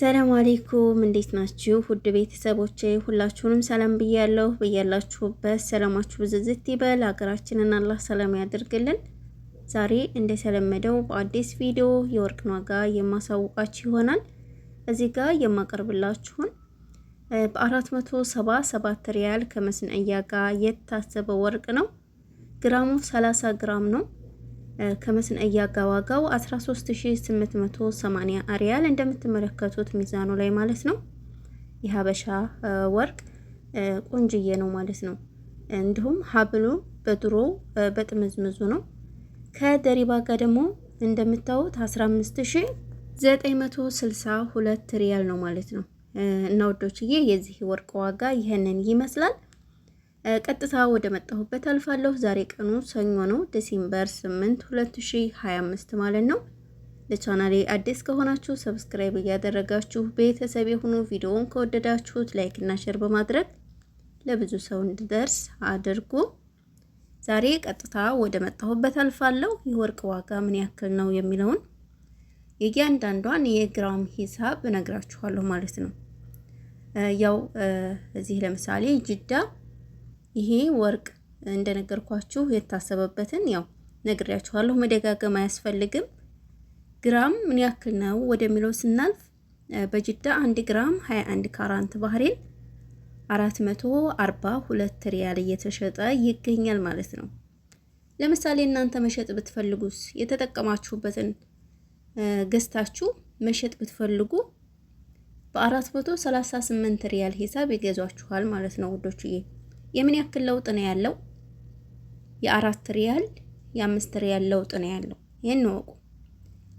ሰላም አሌይኩም እንዴት ናችሁ? ውድ ቤተሰቦቼ ሁላችሁንም ሰላም ብያለሁ። ብያላችሁበት ሰላማችሁ ብዝዝት ይበል። ሀገራችንን አላህ ሰላም ያደርግልን። ዛሬ እንደተለመደው በአዲስ ቪዲዮ የወርቅን ዋጋ የማሳውቃችሁ ይሆናል። እዚህ ጋር የማቀርብላችሁን በ477 ሪያል ከመስነያ ጋር የታሰበ ወርቅ ነው። ግራሙ 30 ግራም ነው። ከመስነእያ ጋር 13880 ሪያል እንደምትመለከቱት ሚዛኑ ላይ ማለት ነው። የሀበሻ ወርቅ ቆንጅዬ ነው ማለት ነው። እንዲሁም ሀብሉ በድሮ በጥምዝምዙ ነው። ከደሪባ ጋር ደግሞ እንደምታዩት 15962 ሪያል ነው ማለት ነው። እና ወዶችዬ የዚህ ወርቅ ዋጋ ይህንን ይመስላል። ቀጥታ ወደ መጣሁበት አልፋለሁ። ዛሬ ቀኑ ሰኞ ነው፣ ዲሴምበር 8 2025 ማለት ነው። ለቻናሌ አዲስ ከሆናችሁ ሰብስክራይብ እያደረጋችሁ ቤተሰብ የሆኑ ቪዲዮውን ከወደዳችሁት ላይክ እና ሼር በማድረግ ለብዙ ሰው እንዲደርስ አድርጉ። ዛሬ ቀጥታ ወደ መጣሁበት አልፋለሁ። የወርቅ ዋጋ ምን ያክል ነው የሚለውን የእያንዳንዷን የግራም ሂሳብ እነግራችኋለሁ ማለት ነው። ያው እዚህ ለምሳሌ ጅዳ ይሄ ወርቅ እንደነገርኳችሁ የታሰበበትን ያው ነግሬያችኋለሁ፣ መደጋገም አያስፈልግም። ግራም ምን ያክል ነው ወደሚለው ስናልፍ በጅዳ 1 ግራም 21 ካራንት ባህሬን 442 ሪያል እየተሸጠ ይገኛል ማለት ነው። ለምሳሌ እናንተ መሸጥ ብትፈልጉስ የተጠቀማችሁበትን ገዝታችሁ መሸጥ ብትፈልጉ በ438 ሪያል ሂሳብ ይገዟችኋል ማለት ነው ውዶችዬ። የምን ያክል ለውጥ ነው ያለው? የአራት ሪያል የአምስት ሪያል ለውጥ ነው ያለው። ይህን እወቁ።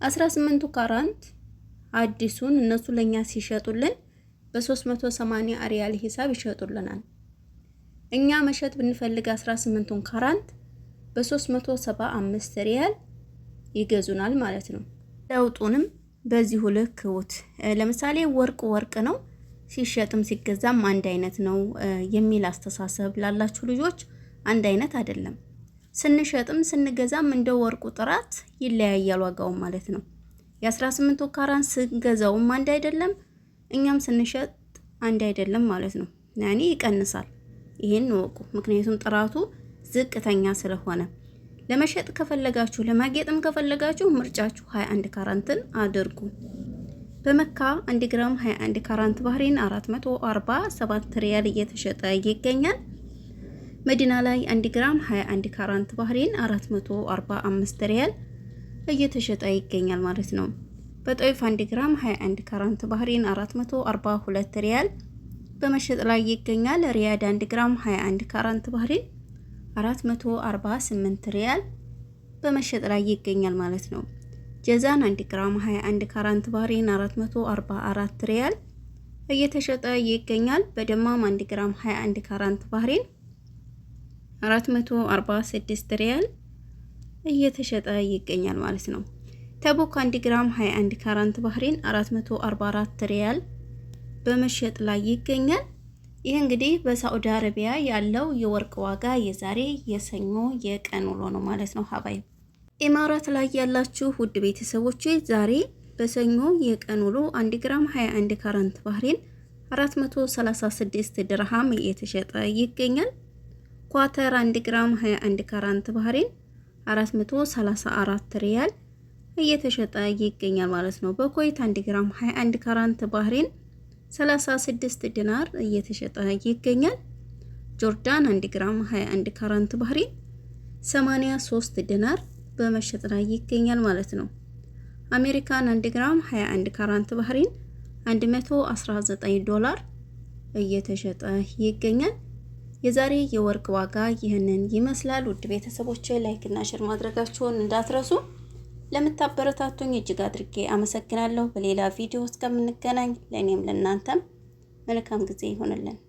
አስራ ስምንቱ ካራንት አዲሱን እነሱ ለኛ ሲሸጡልን በ380 ሪያል ሂሳብ ይሸጡልናል። እኛ መሸጥ ብንፈልግ 18ቱን ካራንት በ375 ሪያል ይገዙናል ማለት ነው። ለውጡንም በዚሁ ልክ እዩት። ለምሳሌ ወርቅ ወርቅ ነው ሲሸጥም ሲገዛም አንድ አይነት ነው የሚል አስተሳሰብ ላላችሁ ልጆች አንድ አይነት አይደለም። ስንሸጥም ስንገዛም እንደ ወርቁ ጥራት ይለያያል ዋጋው ማለት ነው። የ18 ካራን ስንገዛውም አንድ አይደለም፣ እኛም ስንሸጥ አንድ አይደለም ማለት ነው። ያኔ ይቀንሳል። ይሄን ወቁ። ምክንያቱም ጥራቱ ዝቅተኛ ስለሆነ ለመሸጥ ከፈለጋችሁ ለማጌጥም ከፈለጋችሁ ምርጫችሁ 21 ካራንትን አድርጉ። በመካ 1 ግራም 21 ካራንት ባህሪን 447 ሪያል እየተሸጠ ይገኛል። መዲና ላይ 1 ግራም 21 ካራንት ባህሪን 445 ሪያል እየተሸጠ ይገኛል ማለት ነው። በጦይፍ 1 ግራም 21 ካራንት ባህሪን 442 ሪያል በመሸጥ ላይ ይገኛል። ሪያድ 1 ግራም 21 ካራንት ባህሪን 448 ሪያል በመሸጥ ላይ ይገኛል ማለት ነው። ጀዛን 1 ግራም 21 ካራንት ባህሬን 444 ሪያል እየተሸጠ ይገኛል። በደማም 1 ግራም 21 ካራንት ባህሬን 446 ሪያል እየተሸጠ ይገኛል ማለት ነው። ተቦክ 1 ግራም 21 ካራንት ባህሬን 444 ሪያል በመሸጥ ላይ ይገኛል። ይህ እንግዲህ በሳዑዲ አረቢያ ያለው የወርቅ ዋጋ የዛሬ የሰኞ የቀን ውሎ ነው ማለት ነው ሀባይ ኢማራት ላይ ያላችሁ ውድ ቤተሰቦቼ ዛሬ በሰኞ የቀን ውሎ 1 ግራም 21 ካራንት ባህሬን 436 ድርሃም እየተሸጠ ይገኛል። ኳተር 1 ግራም 21 ካራንት ባህሬን 434 ሪያል እየተሸጠ ይገኛል ማለት ነው። በኮይት 1 ግራም 21 ካራንት ባህሬን 36 ዲናር እየተሸጠ ይገኛል። ጆርዳን 1 ግራም 21 ካራንት ባህሬን 83 ዲናር በመሸጥ ላይ ይገኛል ማለት ነው። አሜሪካን 1 ግራም 21 ካራንት ባህሪን 119 ዶላር እየተሸጠ ይገኛል። የዛሬ የወርቅ ዋጋ ይህንን ይመስላል። ውድ ቤተሰቦች ላይክ እና ሼር ማድረጋችሁን እንዳትረሱ። ለምታበረታቱኝ እጅግ አድርጌ አመሰግናለሁ። በሌላ ቪዲዮ እስከምንገናኝ ለእኔም ለእናንተም መልካም ጊዜ ይሆንልን።